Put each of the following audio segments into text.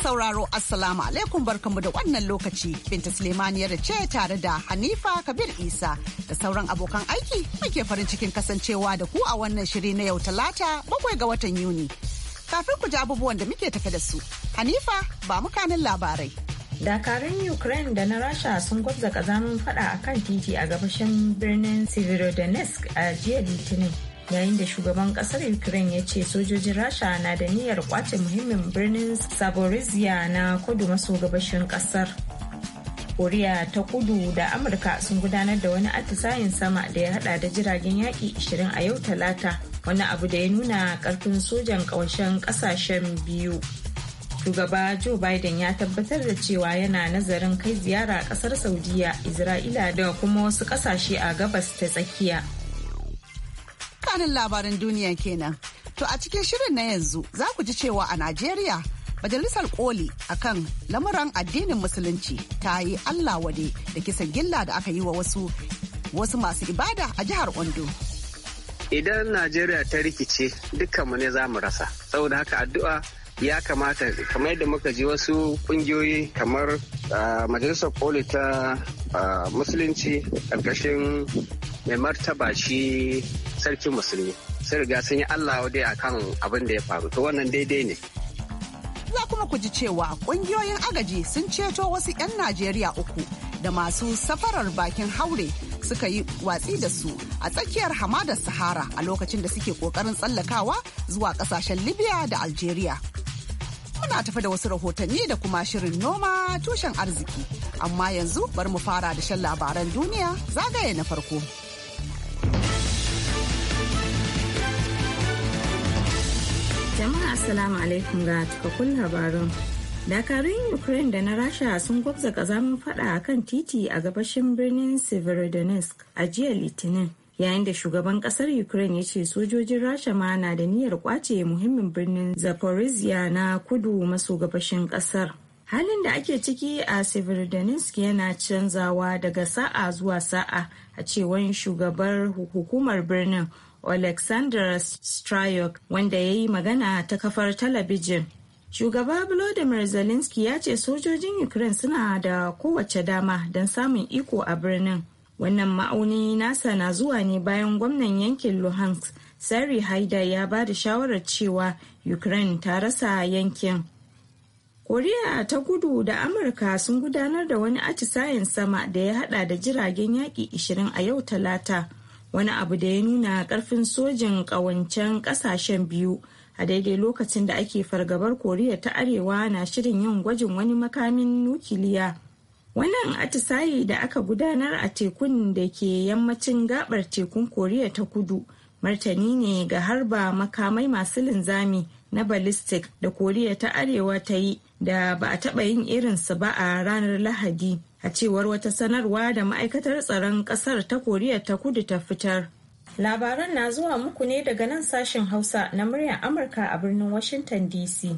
sauraro Assalamu alaikum barkanmu da wannan lokaci. Binta Sulemaniyar ce tare da Hanifa Kabir Isa da sauran abokan aiki muke farin cikin kasancewa da ku a wannan shiri na yau talata bakwai ga watan Yuni. Kafin ku ji abubuwan da muke tafe da su, Hanifa ba mukanin labarai. Dakarun Ukraine da na Rasha sun gwabza kazamin fada a kan titi a gabashin birnin Severodonetsk a jiya Litinin. yayin da shugaban kasar ukraine ya ce sojojin rasha na da niyyar kwace muhimmin birnin saborizia na kudu maso gabashin kasar koriya ta kudu da amurka sun gudanar da wani atisayen sama da ya hada da jiragen yaki 20 a yau talata wani abu da ya nuna karfin sojan kawashen kasashen biyu shugaba joe biden ya tabbatar da cewa yana nazarin kai ziyara kasar saudiya isra'ila da kuma wasu kasashe a gabas ta tsakiya dukkanin labaran duniya kenan. To a cikin shirin na yanzu za ku ji cewa a Najeriya Majalisar Koli akan lamuran addinin Musulunci ta yi Allah wade da kisan gilla da aka yi wa wasu wasu masu ibada a jihar Ondo. Idan Najeriya ta rikice dukkanmu ne za mu rasa. Saboda haka addu'a ya kamata kamar yadda muka ji wasu kungiyoyi kamar Majalisar Koli ta Musulunci karkashin mai martaba shi sarkin musulmi sun riga sun yi allah dai akan abin da ya faru to wannan daidai ne za kuma ku ji cewa kungiyoyin agaji sun ceto wasu 'yan najeriya uku da masu safarar bakin haure suka yi watsi da su a tsakiyar hamadar sahara a lokacin da suke kokarin tsallakawa zuwa kasashen libya da algeria muna tafi da wasu rahotanni da kuma shirin noma tushen arziki amma yanzu bar mu fara da shan labaran duniya zagaye na farko. assalamu alaikum ga cikakkun labarin dakarun ukraine da na rasha sun gwabza kazamin fada a kan titi a gabashin birnin severodonetsk a jiya litinin yayin da shugaban kasar ukraine ya ce sojojin rasha ma na da niyyar kwace muhimmin birnin zaporizhia na kudu maso gabashin kasar halin da ake ciki a severodonetsk yana canzawa daga sa'a zuwa sa'a a cewar shugabar hukumar birnin Alexander Stryok wanda ya yi magana ta kafar talabijin. Shugaba Volodymyr Zelensky ya ce sojojin Ukraine suna da kowace dama don samun iko a birnin. Wannan ma'auni nasa na zuwa ne bayan gwamnan yankin Luhansk, Sari Haida ya ba da shawarar cewa Ukraine ta rasa yankin. Koriya ta Gudu da Amurka sun gudanar da wani atisayen sama da ya hada da jiragen yaƙi 20 a yau talata. wani abu da ya nuna karfin sojin ƙawancen ƙasashen biyu a daidai lokacin da ake fargabar koriya ta arewa na shirin yin gwajin wani makamin nukiliya wannan atisayi da aka gudanar a tekun da ke yammacin gabar tekun koriya ta kudu martani ne ga harba makamai masu linzami na ballistic da koriya ta arewa ta yi da ba a taɓa yin irinsu ba a ranar lahadi a cewar wata sanarwa da ma'aikatar tsaron ƙasar ta koriya ta kudu ta fitar labaran na zuwa muku ne daga nan sashen hausa na muryar amurka a birnin washington dc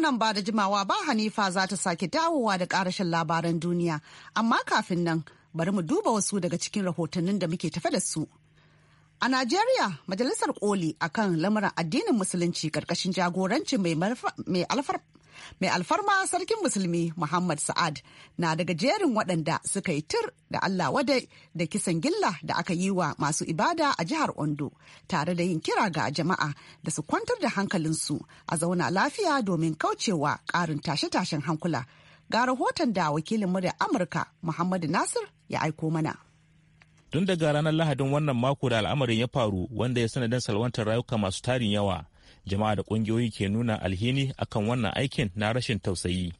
nan ba da jimawa ba hanifa za ta sake dawowa da karashin labaran duniya amma kafin nan bari mu duba wasu daga cikin rahotannin da muke tafe da su A Najeriya, Majalisar Koli akan kan lamuran addinin Musulunci ƙarƙashin jagorancin mai Mai alfarma sarkin musulmi Muhammad Sa'ad na daga jerin waɗanda suka yi tur da Allah wadai da kisan gilla da aka yi wa masu ibada a jihar Ondo tare da yin kira ga jama'a da su kwantar da hankalinsu a zauna lafiya domin kaucewa ƙarin tashe-tashen hankula. Ga rahoton da wakilin da Amurka muhammad Nasir ya aiko mana. Tun daga ranar Lahadin wannan mako da al'amarin ya faru wanda ya sanadin salwantar rayuka masu tarin yawa. jama'a da kungiyoyi ke nuna alhini akan wannan aikin na rashin tausayi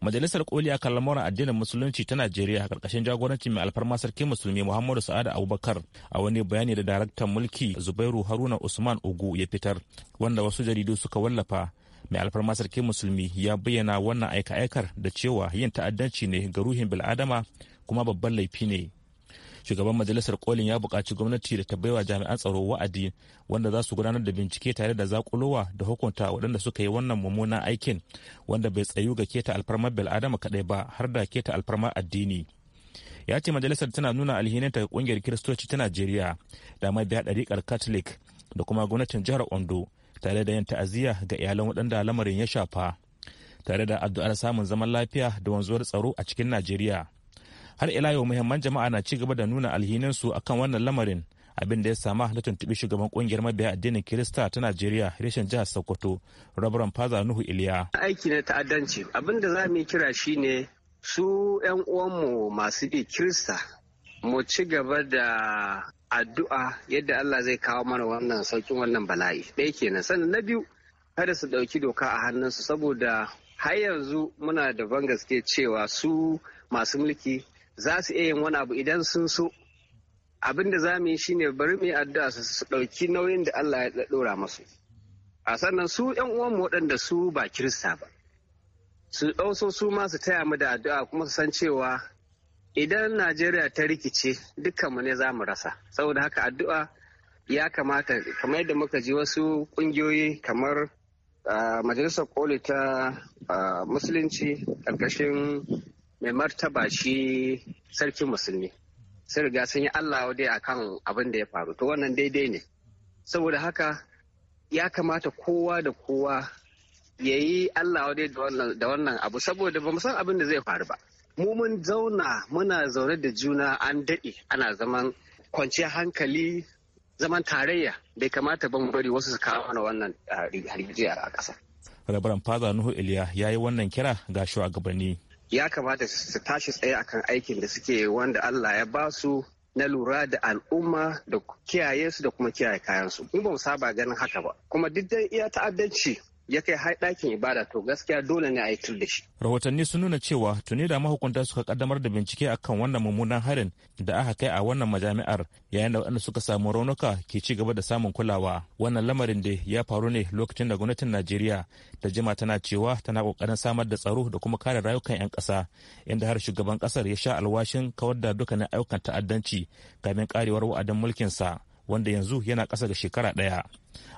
majalisar koli a lamuran addinin musulunci ta najeriya a karkashin jagorancin mai alfarma sarki musulmi muhammadu sa'adu abubakar a wani bayani da daraktan mulki zubairu haruna usman ugu ya fitar wanda wasu jaridu suka wallafa mai alfarma sarki musulmi ya bayyana wannan aika-aikar da cewa yin ta'addanci ne ga ruhin bil'adama kuma babban laifi ne shugaban majalisar kolin ya buƙaci gwamnati da ta baiwa jami'an tsaro wa'adi wanda za su gudanar da bincike tare da zakulowa da hukunta waɗanda suka yi wannan mummunan aikin wanda bai tsayu ga keta alfarmar bil'adama kaɗai ba har da keta alfarmar addini ya ce majalisar tana nuna alhininta ta ƙungiyar kiristoci ta najeriya da mai biya ɗariƙar catholic da kuma gwamnatin jihar ondo tare da yin ta'aziyya ga iyalan waɗanda lamarin ya shafa tare da addu'ar samun zaman lafiya da wanzuwar tsaro a cikin najeriya har ila yau muhimman jama'a na ci gaba da nuna alhininsu akan wannan lamarin abin da ya sama na tuntubi shugaban kungiyar mabiya addinin kirista ta najeriya reshen jihar sokoto rabaran faza nuhu iliya aiki na ta'addanci abin da za mu kira ne su yan uwanmu masu bi kirista mu ci gaba da addu'a yadda allah zai kawo mana wannan saukin wannan bala'i ɗaya kenan sannan na biyu kada su ɗauki doka a hannunsu saboda har yanzu muna da ban gaske cewa su masu mulki za su iya yin wani abu idan sun so abin da za mu yi shine bari mu yi addu'a su ɗauki nauyin da Allah ya ɗora masu a sannan su yan uwanmu waɗanda su ba kirista ba su ɗauso su ma su taya mu da addu'a kuma su san cewa idan najeriya ta rikice mu ne za mu rasa saboda haka addu'a ya kamata kamar yadda muka ji wasu ƙungiyoyi kamar ah, majalisar koli ta ah, musulunci ƙarƙashin mai martaba shi sarki musulmi sun riga sun yi allah dai akan abin da ya faru to wannan daidai ne saboda haka ya kamata kowa da kowa ya yi allah dai da wannan abu saboda ba san abin da zai faru ba mu mun zauna muna zaune da juna an daɗe ana zaman kwanciyar hankali zaman tarayya bai kamata ban bari wasu su kawo mana wannan ah, a ƙasa. Rabaran Faza Nuhu Iliya ya yi wannan kira ga shugabanni. ya kamata su tashi tsaye akan aikin da suke wanda Allah ya ba su na lura da al'umma da kiyaye su da kuma kiyaye kayansu. Mu ba mu saba ganin haka ba. Kuma duk dai iya ta'addanci ya kai har ɗakin ibada to gaskiya dole ne a yi da shi. Rahotanni sun nuna cewa tuni da mahukunta suka kaddamar da bincike akan wannan mummunan harin da aka kai a wannan majami'ar yayin da waɗanda suka samu raunuka ke ci gaba da samun kulawa. Wannan lamarin da ya faru ne lokacin da gwamnatin Najeriya ta jima tana cewa tana kokarin samar da tsaro da kuma kare rayukan 'yan ƙasa inda har shugaban ƙasar ya sha alwashin kawar da dukkanin ayyukan ta'addanci kamin karewar wa'adin mulkinsa. wanda yanzu yana kasa ga shekara ɗaya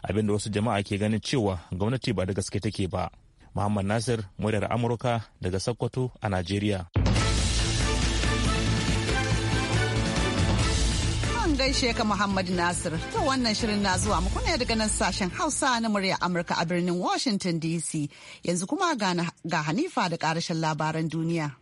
abinda wasu jama'a ke ganin cewa gwamnati ba da gaske take ba muhammad nasir muryar amurka daga sokoto a najeriya gaishe ka Muhammad Nasir. To wannan shirin na zuwa muku ne daga nan sashen Hausa na murya Amurka a birnin Washington DC. Yanzu kuma ga Hanifa da karshen labaran duniya.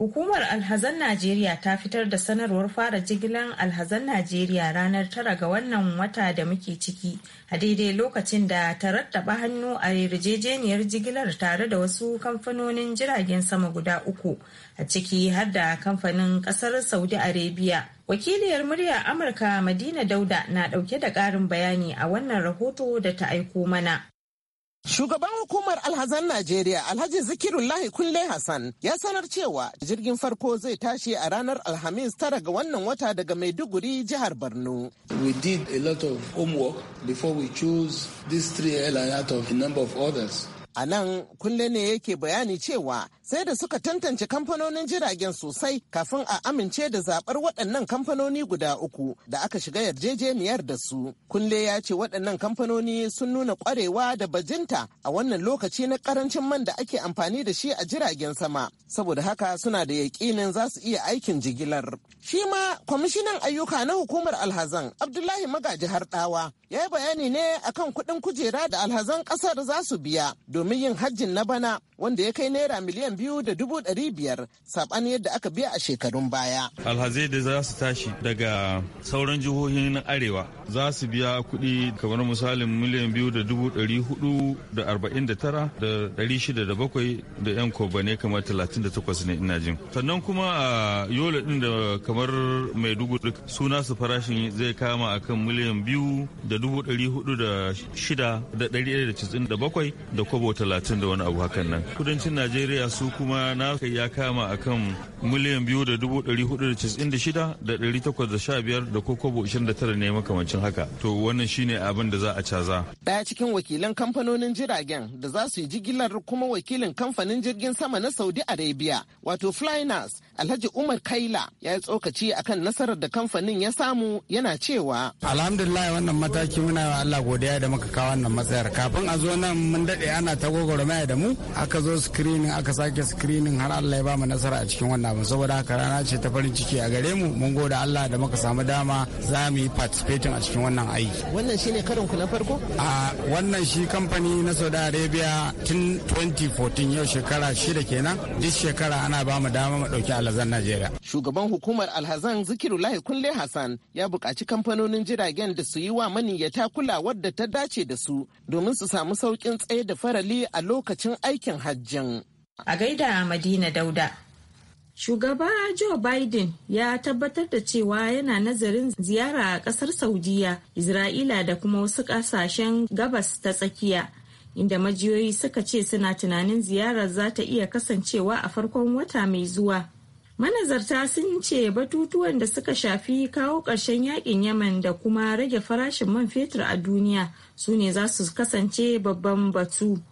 Hukumar Alhazan Najeriya ta fitar da sanarwar fara jigilan Alhazan Najeriya ranar tara ga wannan wata da muke ciki a daidai lokacin da ta rattaba hannu a yarjejeniyar jigilar tare da wasu kamfanonin jiragen sama guda uku a ciki har da kamfanin kasar Saudi Arabia. Wakiliyar murya Amurka Madina Dauda na dauke da karin bayani a wannan rahoto da ta aiko mana. Shugaban hukumar alhazan Najeriya Alhaji Zikirullahi Kulle Hassan ya sanar cewa jirgin farko zai tashi a ranar Alhamis tara ga wannan wata daga Maiduguri jihar Borno. We did a lot of homework before we choose these three airlines out of a number of others. A nan kulle ne yake bayani cewa sai da suka tantance kamfanonin jiragen sosai kafin a amince da zabar waɗannan kamfanoni guda uku da aka shiga yarjejeniyar da su. Kunle ya ce waɗannan kamfanoni sun nuna ƙwarewa da bajinta a wannan lokaci na ƙarancin man da ake amfani da shi a jiragen sama. Saboda haka suna da yaƙinin za su iya aikin jigilar. Shi ma kwamishinan ayyuka na hukumar alhazan Abdullahi Magaji Harɗawa ya yi bayani ne akan kuɗin kujera da alhazan ƙasar za su biya domin yin hajjin na bana wanda ya kai naira miliyan biyu da dubu ɗari biyar saɓani yadda aka biya a shekarun baya. Alhazai da za su tashi daga sauran jihohin na arewa za su biya kuɗi kamar misalin miliyan biyu da dubu ɗari hudu da arba'in da tara da ɗari shida da bakwai da yan kobane kamar talatin da takwas ne ina jin. Sannan kuma a yola ɗin da kamar maiduguri suna su farashin zai kama akan miliyan biyu da dubu ɗari hudu da shida da ɗari ɗaya da da bakwai da kobo talatin da wani abu hakan nan. Kudancin Najeriya su kuma na ya kama a kan miliyan biyu da dubu ɗari hudu da casa'in da shida da ɗari takwas da sha biyar da kobo ishirin da tara ne makamancin haka to wannan shine abin da za a caza. ɗaya cikin wakilan kamfanonin jiragen da za su yi jigilar kuma wakilin kamfanin jirgin sama na saudi arabia wato flynas Alhaji Umar Kaila ya yi tsokaci akan nasarar da kamfanin ya samu yana cewa. Alhamdulillah wannan mataki muna wa Allah godiya da muka kawo wannan matsayar. Kafin a zo nan mun daɗe ana ta gwagwarmaya da mu aka zo screening aka sake screening har Allah ya ba mu nasara a cikin wannan abu saboda haka rana ce ta farin ciki a gare mu mun gode Allah da muka samu dama za mu yi participating a cikin wannan aiki. Wannan shi ne karin ku na farko? A wannan shi kamfani na Saudi Arabia tun 2014 yau shekara shida kenan duk shekara ana ba mu dama mu ɗauki Najeriya. Shugaban hukumar alhazan Zikirullahi Kunle Hassan ya buƙaci kamfanonin jiragen da su yi wa maniyyata kulawar da ta dace da su domin su samu sauƙin tsaye da farali a lokacin aikin hajjin. A gaida Madina Dauda. Shugaba Joe Biden ya tabbatar da cewa yana nazarin ziyara a ƙasar Saudiya, Isra'ila da kuma wasu ƙasashen gabas ta tsakiya. inda majiyoyi suka ce suna tunanin ziyarar za ta iya kasancewa a farkon wata mai zuwa. Manazarta sun ce batutuwan da suka shafi kawo ƙarshen yakin yaman da kuma rage farashin man fetur a duniya su ne za su kasance babban batu.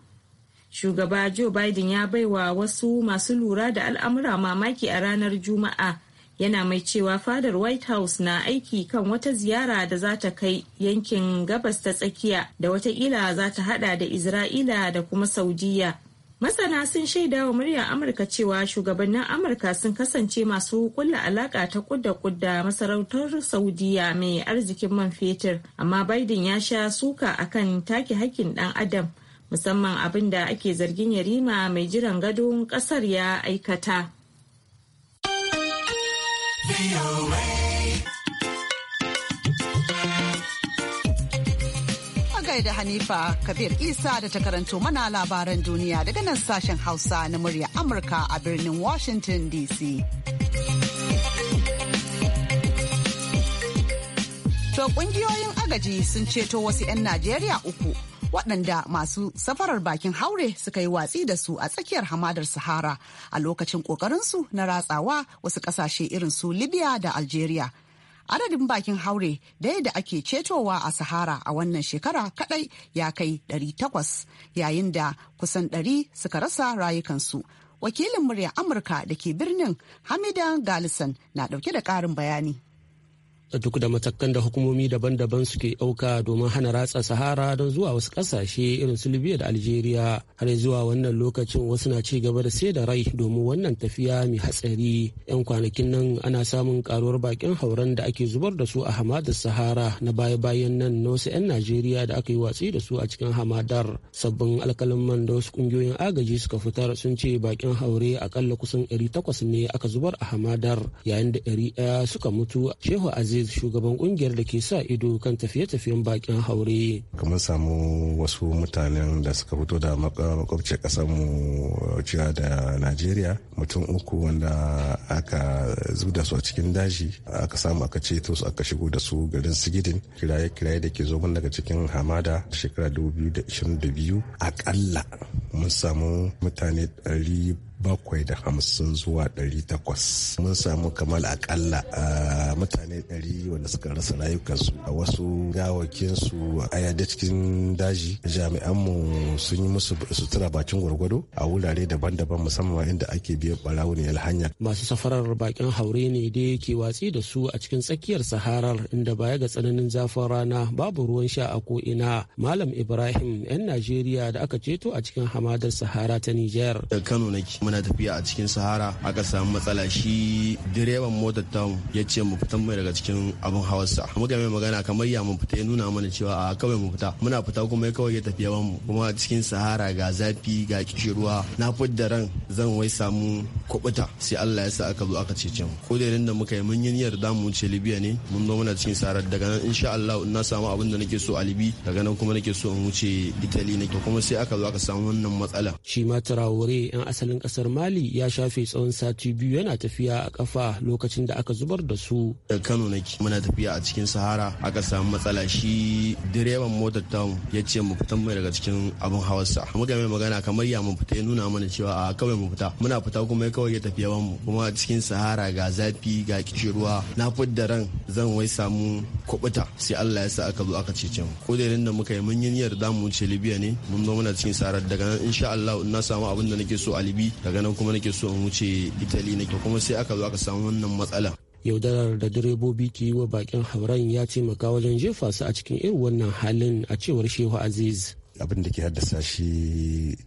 Shugaba Joe Biden ya baiwa wasu masu lura da al'amura mamaki a ranar Juma'a yana mai cewa fadar White House na aiki kan wata ziyara da za ta kai yankin gabas ta tsakiya da watakila za ta hada da Isra'ila da kuma Saudiya. Masana sun shaida wa muryar Amurka cewa shugabannin Amurka sun kasance masu kulla alaka ta kudda kudda masarautar Saudiya mai arzikin man fetur, amma Biden ya sha suka akan take hakkin dan adam musamman abin da ake zargin yarima mai jiran gadon kasar ya aikata. gai da Hanifa Kabir Isa da ta karanto mana labaran duniya daga nan sashen Hausa na murya Amurka a birnin Washington DC. To ƙungiyoyin agaji sun ceto wasu 'yan Najeriya uku waɗanda masu safarar bakin haure suka yi watsi da su a tsakiyar hamadar Sahara a lokacin ƙoƙarinsu na ratsawa wasu ƙasashe irin su Libya da Algeria. adadin bakin haure da yadda ake cetowa a sahara a wannan shekara kadai ya kai 800 yayin da kusan 100 suka rasa rayukansu wakilin murya amurka da ke birnin hamida galison na dauke da karin bayani duk da matakan da hukumomi daban-daban suke ɗauka domin hana ratsa sahara don zuwa wasu ƙasashe irin su libya da algeria har zuwa wannan lokacin wasu na ci gaba da sai da rai domin wannan tafiya mai hatsari yan kwanakin nan ana samun karuwar bakin hauren da ake zubar da su a hamadar sahara na baya-bayan nan na wasu 'yan najeriya da aka yi watsi da su a cikin hamadar sabbin alkalin da wasu kungiyoyin agaji suka fitar sun ce bakin haure akalla kusan 800 ne aka zubar a hamadar yayin da 100 suka mutu shehu aziz Abdulaziz shugaban kungiyar da ke sa ido kan tafiye-tafiyen bakin haure. Kamar samu wasu mutanen da suka fito da makwabci kasar mu uh, cewa da Najeriya mutum uku wanda aka zuda su a cikin daji aka samu aka ceto su aka shigo da su garin Sigidin kiraye-kiraye da ke zo mun daga cikin hamada shekara 2022 akalla mun samu mutane bakwai da hamsin zuwa ɗari takwas mun samu kamar akalla a mutane ɗari wanda suka rasa rayukansu a wasu gawakinsu a yadda cikin daji jami'anmu sun yi musu sutura bakin gwargwado a wurare daban-daban musamman inda ake biyan ne hanyar. masu safarar bakin haure ne da ke watsi da su a cikin tsakiyar saharar inda baya ga tsananin zafin rana babu ruwan sha a ko'ina malam ibrahim 'yan najeriya da aka ceto a cikin hamadar sahara ta niger kano nake muna tafiya a cikin sahara aka samu matsala shi direban motar ta ya ce mu fitan mai daga cikin abin hawarsa muka mai magana kamar ya mu fita ya nuna mana cewa a kawai mu fita muna fita kuma ya kawai ya tafi yawan mu kuma cikin sahara ga zafi ga kishirwa na fudda ran zan wai samu kubuta sai Allah ya sa aka zo aka cece mu kudirin da muka yi mun yi niyyar da mu ce Libya ne mun zo muna cikin sahara daga nan insha Allah na samu abin da nake so a Libi daga nan kuma nake so in wuce Italy nake kuma sai aka zo aka samu wannan matsala shi ma turawure yan asalin kasar kasar mali ya shafe tsawon sati biyu yana tafiya a kafa lokacin da aka zubar da su daga kano nake muna tafiya a cikin sahara aka samu matsala shi direban motar tamu ya ce mu fitan mai daga cikin abin hawarsa muka mai magana kamar ya mu fita ya nuna mana cewa a kawai mu fita muna fita kuma ya kawai ya tafi yawan mu kuma a cikin sahara ga zafi ga ruwa na fidda ran zan wai samu kubuta sai Allah ya sa aka zo aka cece mu ko da muka yi mun yi niyyar da mu wuce libiya ne mun zo muna cikin sahara daga nan insha Allah na samu abin da nake so a Libya daga nan kuma nake so in wuce italy ne kuma sai aka zo aka samu wannan matsala yaudarar da direbobi ke yi wa bakin hauren ya taimaka wajen jefa su a cikin irin wannan halin a cewar shehu aziz abin da ke haddasa shi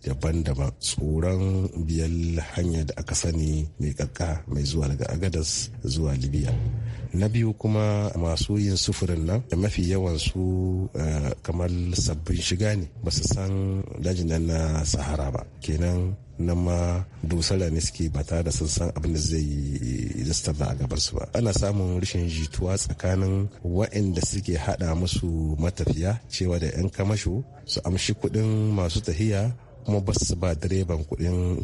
daban-daban tsoron biyar hanya da aka sani mai kakka mai zuwa daga agadas zuwa libya na biyu kuma masu yin sufurin nan da mafi yawan su eh, kamar sabbin shiga ne ba su san dajin na sahara ba kenan nan ma dusara ne suke ba tare da sun san abin da zai yi da a su ba ana samun rashin jituwa tsakanin waɗanda suke haɗa musu matafiya cewa da 'yan kamasho su amshi kuɗin masu tahiya kuma ba su ba direban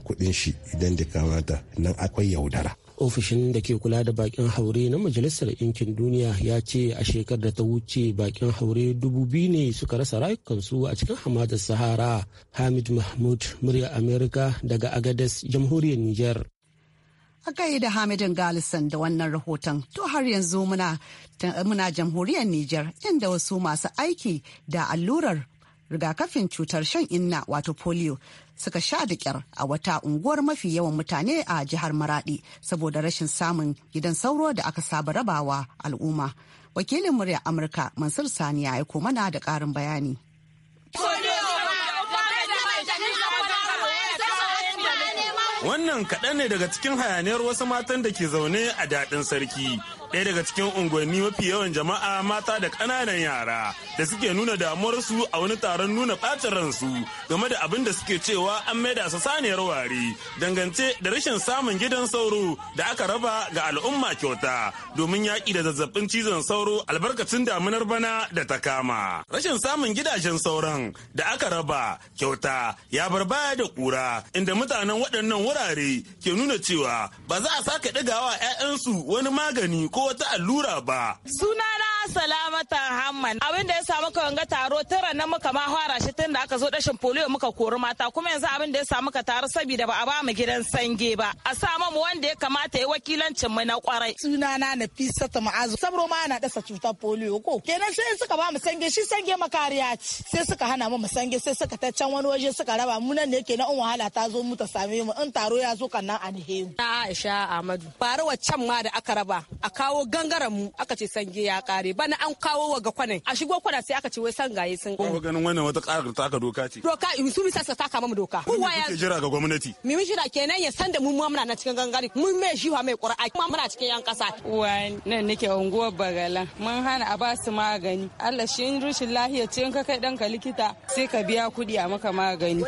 kuɗin shi idan da kamata nan akwai yaudara ofishin da ke kula da bakin haure na majalisar ɗinkin duniya ya ce a shekarar da ta wuce bakin haure dubu biyu ne suka rasa rayukansu a cikin hamadar sahara hamid mahmud murya amerika daga agadas jamhuriyar niger a da hamidin galison da wannan rahoton to har yanzu muna jamhuriyar niger inda wasu masu aiki da allurar rigakafin cutar shan inna wato polio suka sha da kyar a wata unguwar mafi yawan mutane a jihar maradi saboda rashin samun gidan sauro da aka saba rabawa al'umma wakilin murya amurka mansur sani ya aiko mana da karin bayani wannan kaɗan ne daga cikin hayaniyar wasu matan da ke zaune a daɗin sarki ɗaya daga cikin unguwanni mafi yawan jama'a mata da ƙananan yara da suke nuna damuwarsu a wani taron nuna ɓacin ransu game da abin da suke cewa an maida su saniyar ware dangance da rashin samun gidan sauro da aka raba ga al'umma kyauta domin yaƙi da zazzabin cizon sauro albarkacin damunar bana da ta kama. Rashin samun gidajen sauran da aka raba kyauta ya bar baya da ƙura inda mutanen waɗannan wurare ke nuna cewa ba za a sake ɗigawa 'ya'yansu wani magani ko wata allura ba. Sunana salamata hamman abin da ya samu ka ga taro tara na muka ma fara shi tun da aka zo dashin polio muka kori mata kuma yanzu abin da ya samu ka taro saboda ba a ba mu gidan sange ba a sa mu wanda ya kamata ya wakilancin mu na kwarai sunana na fisa ta ma'azu sabro ma ana dasa cutar polio ko kenan sai suka ba mu sange shi sange makariya ce sai suka hana mu mu sange sai suka ta can wani waje suka raba mu nan ne kenan in wahala ta zo mu ta same mu in taro ya zo kan nan an mu Aisha Ahmadu bare can ma da aka raba a kawo gangaren mu aka ce sange ya kare na an kawo wa ga kwanai a shigo kwana sai aka ce wai sangaye sun ko ganin wannan wata karar ta aka doka ce doka su bisa sa kama mu doka kowa ya jira ga gwamnati mi jira kenan ya san da mu muna na cikin gangare mun mai shiwa mai qur'a kuma muna cikin yan ƙasa wani nan nake unguwar bagala mun hana a ba su magani Allah shi rushin lahiya ce in ka kai danka likita sai ka biya kuɗi a maka magani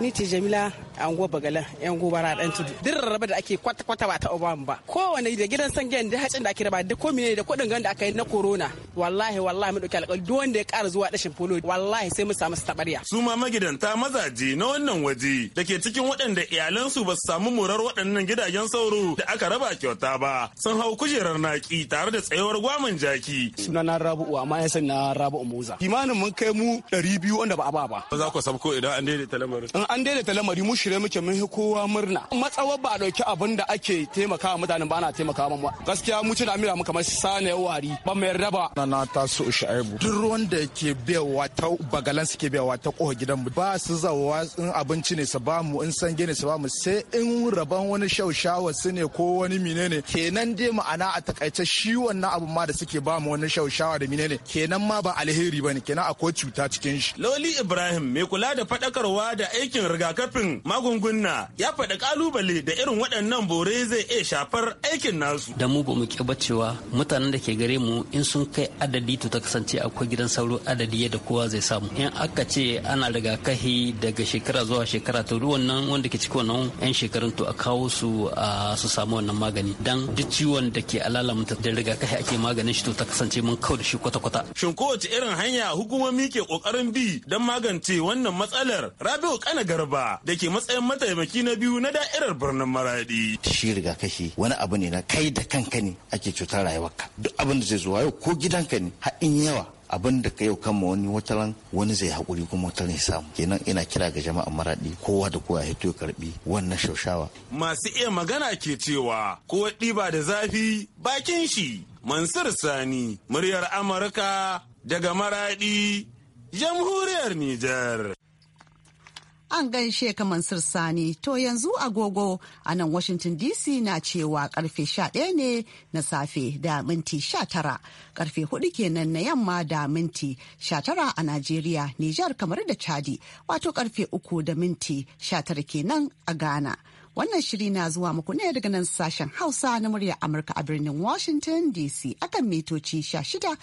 ni ce Jamila An go bagalan yan bara dan tudu duk rarraba da ake kwata kwata ba ta obam ba kowane da gidan sangen da hacin da ake raba da komai da kudin gan da aka yi na corona wallahi wallahi mu dauki alƙal duk wanda ya ƙara zuwa dashin polo wallahi sai mu samu tabarya su ma magidanta mazaje na wannan waje dake cikin waɗanda iyalansu ba su samu murar waɗannan gidajen sauro da aka raba kyauta ba sun hau kujerar naki tare da tsayuwar gwamin jaki rabu rabu'u amma ya sani na rabu umuza kimanin mun kai mu 200 wanda ba a ba ba ba za ku sabko idan an daidaita lamari an daidaita lamari mu shirye muke mun hi kowa murna matsawar ba dauki abin da ake taimakawa wa mutanen ba ana taimaka wa gaskiya mu ci da amira mu kamar sane wari ba mai raba. na na taso shaibu duk ruwan da ke biyawa ta bagalan suke biyawa ta koha gidan mu ba su zawa in abinci ne su ba mu in sange ne su ba mu sai in raban wani shaushawa su ne ko wani mine ne kenan dai ma'ana a takaice shi wannan abun ma da suke ba mu wani shaushawa da mine ne kenan ma ba alheri bane kenan akwai cuta cikin shi loli ibrahim mai kula da faɗakarwa da aikin rigakafin magunguna ya faɗa kalubale da irin waɗannan bore zai iya shafar aikin nasu. Da mu bamu ba cewa mutanen da ke gare mu in sun kai adadi to ta kasance akwai gidan sauro adadi yadda kowa zai samu. In aka ce ana daga kahi daga shekara zuwa shekara to duk wannan wanda ke cikin wannan 'yan shekarun to a kawo su a su samu wannan magani. Dan duk ciwon da ke alalamta da kahi ake maganin shi to ta kasance mun kawo da shi kwata-kwata. Shin kowace irin hanya hukumomi ke kokarin bi don magance wannan matsalar Rabiu Kana Garba da ke matsayin mataimaki na biyu na da'irar birnin maradi shi rigakafi wani abu ne na kai da kanka ne ake cutar rayuwarka duk abin da zai zo yau ko gidanka ne har in yawa abin da ka yau kama wani watalan wani zai hakuri kuma wata ya samu kenan ina kira ga jama'a maraɗi kowa da kowa ya karbi wannan shaushawa. masu iya magana ke cewa ko ɗiba da zafi bakin shi mansur sani muryar amurka daga maraɗi jamhuriyar nijar. an gaishe kamar sirsani Sani to yanzu agogo a nan Washington DC na cewa karfe 11 ne na safe da minti 19 karfe 4 kenan na yamma da minti 19 a nigeria Nijar kamar da Chadi wato karfe 3 da minti 19 kenan a Ghana. Wannan shiri na zuwa muku ne daga nan sashen Hausa na murya Amurka a birnin Washington DC akan mitoci 16,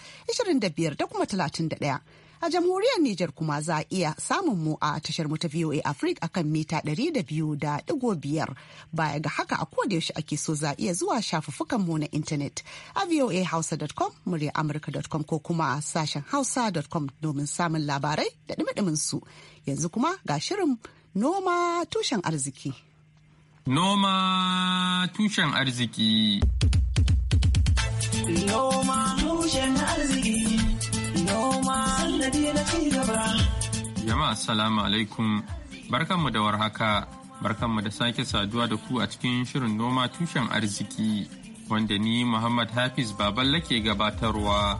25 da kuma 31. A jamhuriyar Nijar kuma za a iya samun mu a tashar mu ta VOA Africa akan mita 200.5 baya ga haka a koda yaushe ake so za a iya zuwa shafuffukan mu na intanet a voahausa.com murya amurka.com ko kuma a sashen hausa.com domin samun labarai da dumi su yanzu kuma ga shirin noma tushen arziki. Noma tushen arziki. Noma tushen arziki. Jama'a salamu alaikum barkanmu da warhaka barkanmu da sake saduwa da ku a cikin shirin noma tushen arziki wanda ni Muhammad Hafiz Baballe ke gabatarwa.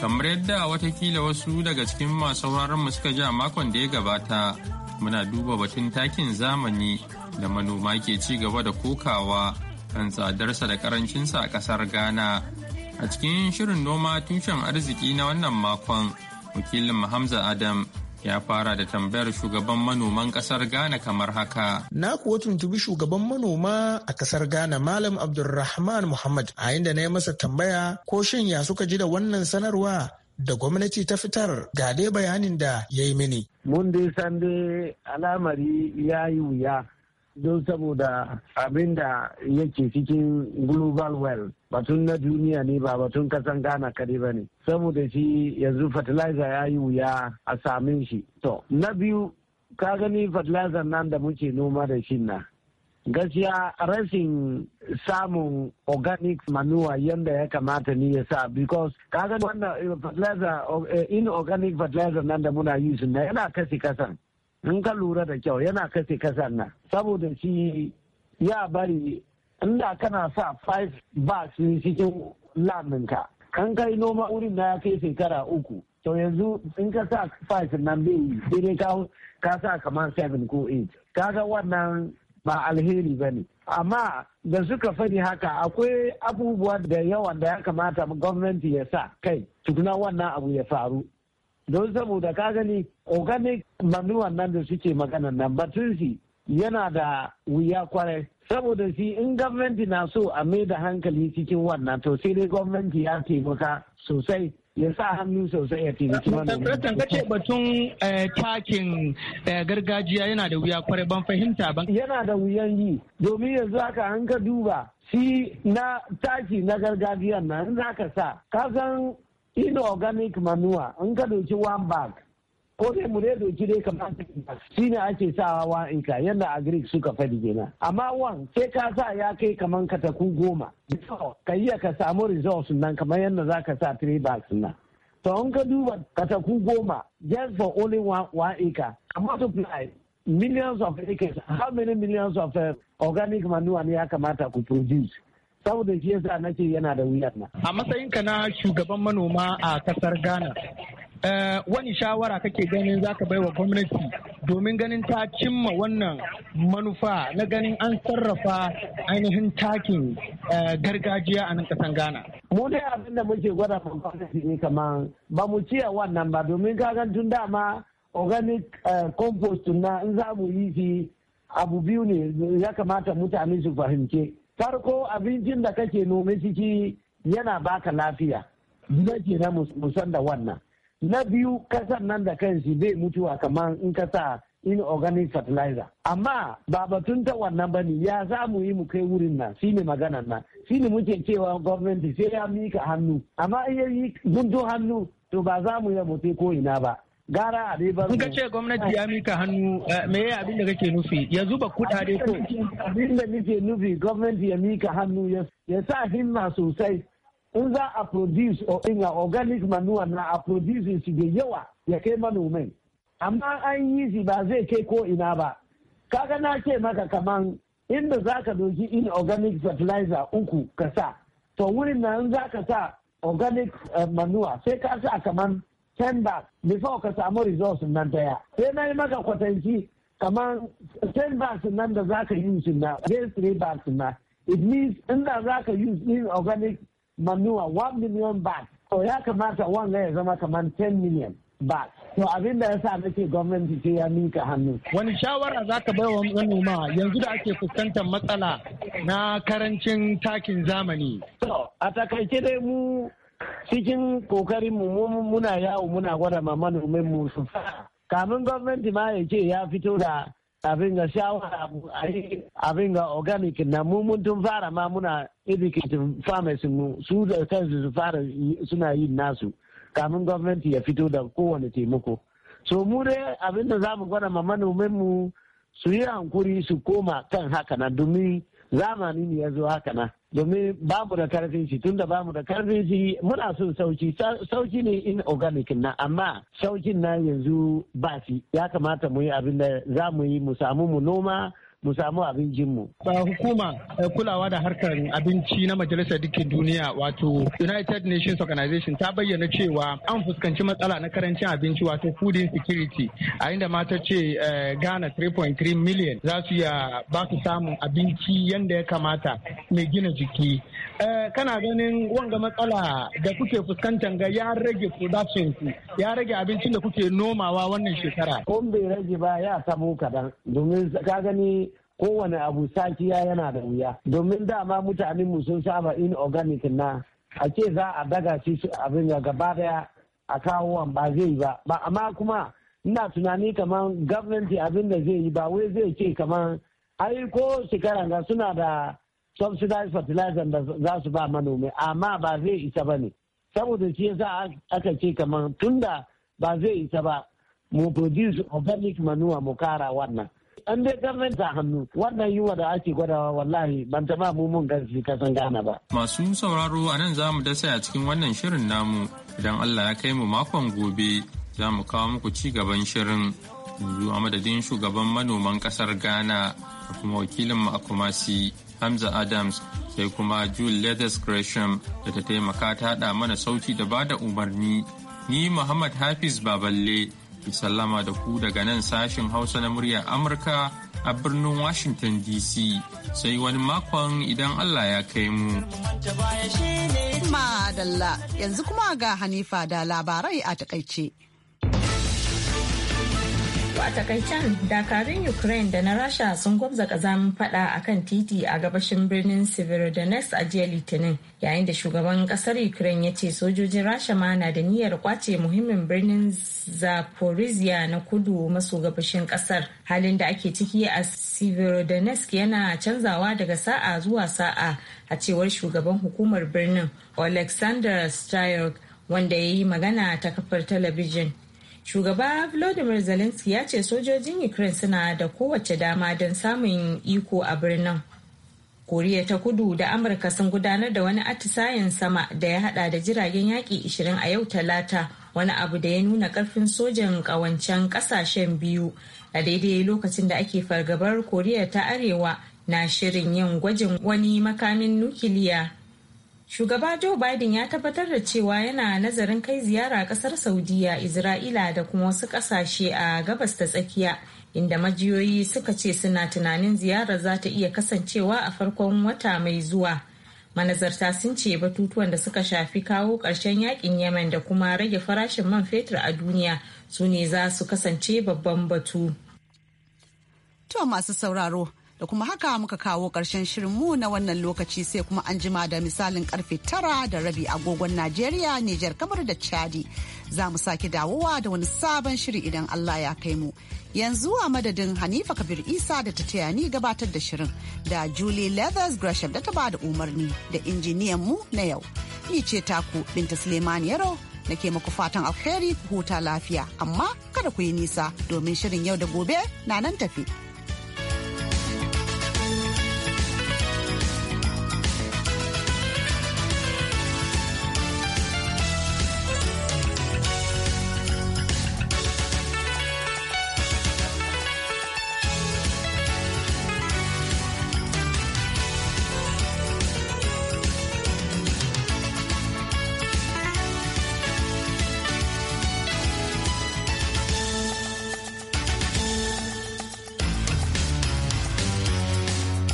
Kamar yadda watakila wasu daga cikin masu mu suka ja makon da ya gabata muna duba batun takin zamani da manoma ke ci gaba da kokawa kan tsadarsa da karancinsa a kasar ghana a cikin shirin noma tushen arziki na wannan makon wakilin hamza adam ya fara da tambayar shugaban manoman kasar Ghana kamar haka. Na kuwa tuntubi shugaban manoma a kasar Ghana Malam Abdulrahman Muhammad a inda na yi masa tambaya ko shin ya suka ji da wannan sanarwa da gwamnati ta fitar ga dai bayanin da ya yi mini. Mun dai san alamari ya yi wuya don saboda abin da yake cikin global wealth batun na duniya ne ba batun kasan ghana kare ba ne saboda shi yanzu fertilizer ya yi wuya a same shi to na biyu ka gani fertilizer nan da muke noma da shi na gaskiya rashin samun organic manure yadda ya kamata ni ya sa because kaga wannan fertilizer eh, inorganic fertilizer nan da muna yi na yana kasi kasan in ka lura da kyau yana kashe kasar nan saboda shi ya bari inda kana sa 5 ba ne cikin laminka kan kai noma wurin na ya kai shekara uku to yanzu in ka sa 5 nan bai yi sai dai ka sa kamar 7 ko 8 kaga wannan ba alheri ba ne amma da suka faɗi haka akwai abubuwa da yawan da ya kamata gwamnati ya sa kai tukuna wannan abu ya faru don saboda ka gani organic manure nan da suke magana nan batun shi yana da wuya kwarai saboda shi in gwamnati na so a mai da hankali cikin wannan to sai dai gwamnati ya taimaka sosai ya sa hannu sosai ya taimaki manoma. kace batun eh, takin eh, gargajiya yana da wuya kwarai ban fahimta ban. Yana da wuyan yi domin yanzu haka an ka duba shi na taki na gargajiyan nan za ka sa ka san ino organic manure in ka doki one bag ko dai mu dai doki dai kamar shi ne ake sawa wa inka yadda agric suka faɗi kenan amma wan sai ka sa ya kai kamar kataku goma ka yi ka samu results nan kamar yadda za ka sa three bags nan to in ka duba kataku goma just for only one, one acre multiply millions of acres how many millions of eh, organic manure ne ya kamata ku produce saboda shi yasa ce yana da wuyar na a matsayin ka na shugaban manoma a kasar Ghana eh, wani shawara kake ganin zaka baiwa gwamnati domin ganin ta cimma wannan manufa na ganin an sarrafa ainihin takin eh, gargajiya a nan kasan Ghana. Mu dai abin da muke gwada ban gwamnati ne kamar ba mu ciya wannan ba domin kagan tun dama organic eh, compost na in za mu yi shi abu biyu ne ya kamata mutane su fahimce. farko abincin da kake nome ciki yana baka lafiya na ke na musan da wannan na biyu kasan nan da kanshi bai mutuwa kamar in ka sa inorganic fertilizer amma ba batun ta wannan bane ya za mu yi mu kai wurin nan shine maganan nan shine muke cewa gwamnati sai ya mika hannu amma in yi gunto hannu to ba za mu yi mutu ko ina ba gara a bai in ka ce gwamnati ya mika hannu eh, me ya abin da kake nufi ya zuba dai ko abin da nake nufi gwamnati ya mika hannu ya sa himma sosai in za a produce or in a organic manure na a produce shi da yawa ya kai manomai amma an yi shi ba zai kai ko ina ba kaga na ce maka kaman inda za ka doki organic fertilizer uku ka sa to wurin nan za ka sa organic eh, manure sai ka sa kaman tender before ka samu resource nan daya sai na yi maka kwatanci kamar ten bags nan da za ka use na base three bags na it means inda za ka use in organic manure one million bags to ya kamata wanda ya zama kamar ten million bags to abin da ya sa nake gwamnati ce ya mika hannu. Wani shawara za ka bai wa manoma yanzu da ake fuskantar matsala na karancin takin zamani? To, a takaice dai mu cikin kokarin mu muna yawo muna gwada ma manomin mu su kamin gwamnati ma ya ce ya fito da abin ga shawara abin ga organic na mun tun fara ma muna educating farmers mu su da kansu su fara suna yin nasu kamin gwamnati ya fito da kowane taimako so mu dai abin da zamu gwada ma manomin mu su yi hankuri su koma kan haka na domin zamani ne ya zo haka na domin babu da karfin shi tunda mu da karfin shi muna son sauki sauki ne in organic na amma saukin na yanzu ba shi ya kamata mu yi abin da za mu yi mu samu mu noma mu samu jinmu. Ba hukuma eh, kulawa da harkar abinci na Majalisar Dukkin Duniya wato United Nations Organization ta bayyana cewa an fuskanci matsala na karancin abinci wato food insecurity a inda mata ce eh, Ghana 3.3 million za su ya ba su samun abinci yanda ya kamata mai gina jiki. Eh, kana ganin wanga matsala da kuke fuskantar ga ya rage production ya rage abincin da kuke nomawa wannan shekara. Kun bai rage ba ya samu kadan domin ka gani kowane abu sakiya yana da wuya domin dama mutanen mu sun saba in organic na a ce za a daga shi abin ga gaba daya a kawo ba zai ba ba amma kuma ina tunani kaman gwamnati abin da zai yi ba wai zai ce kaman ai ko shekara ga suna da subsidized fertilizer da za su ba manomi amma ba zai isa ba ne saboda shi yasa aka ce kamar tunda ba zai isa ba mu produce organic manure mu kara wannan an dai gwamnati ta hannu wannan yiwa da ake gwadawa wallahi ban taba mu mun gansi kasan gana ba. Masu sauraro a nan za mu dasa a cikin wannan shirin namu idan Allah ya kai mu makon gobe za mu kawo muku ci gaban shirin yanzu a madadin shugaban manoman kasar Ghana da kuma wakilin mu a Hamza Adams sai kuma Jule Leathers Gresham da ta taimaka ta hada mana sauti da bada umarni. Ni Muhammad Hafiz Baballe ki sallama da ku daga nan sashin Hausa na muryar Amurka a birnin Washington DC sai wani makon idan Allah ya kai mu. Madalla yanzu kuma ga Hanifa da labarai a takaice. a takaicen dakarun Ukraine da na Rasha sun gwamza kazamin fada a kan titi a gabashin birnin Severodonetsk a jiya Litinin yayin da shugaban kasar Ukraine ya ce sojojin Rasha ma na da niyyar kwace muhimmin birnin Zaporizhia na kudu maso gabashin kasar. Halin da ake ciki a Severodonetsk yana canzawa daga sa'a zuwa sa'a a cewar shugaban hukumar birnin Alexander Styrock wanda ya yi magana ta kafar talabijin. Shugaba Volodymyr Zelensky ya ce sojojin Ukraine suna da kowace dama don samun iko a birnin. Koriya ta kudu da Amurka sun gudanar da wani atisayen sama da ya hada da jiragen yaki 20 a yau talata wani abu da ya nuna karfin sojan ƙawancen kasashen biyu a daidai lokacin da ake fargabar Koriya ta Arewa na shirin yin gwajin wani makamin nukiliya Shugaba Joe Biden ya tabbatar da cewa yana nazarin kai ziyara kasar Saudiya, Isra'ila da kuma wasu kasashe a gabas ta tsakiya, inda majiyoyi suka ce suna tunanin ziyarar za ta iya kasancewa a farkon wata mai zuwa. Manazarta sun ce batutuwan da suka shafi kawo ƙarshen yakin Yemen da kuma rage farashin man fetur a duniya su ne za su kasance babban batu. To masu sauraro, da kuma haka muka kawo ƙarshen mu na wannan lokaci sai kuma an jima da misalin karfe tara da rabi agogon Najeriya, Nijar kamar da Chadi. Za mu sake dawowa da wani sabon shiri idan Allah ya kai mu. Yanzu a madadin Hanifa Kabir Isa da ta taya gabatar da shirin da Julie Leathers Gresham da ta ba da umarni da injiniyan mu na yau. Ni ce taku Binta Suleiman Yaro ke maku fatan alheri huta lafiya amma kada ku yi nisa domin shirin yau da gobe na nan tafi.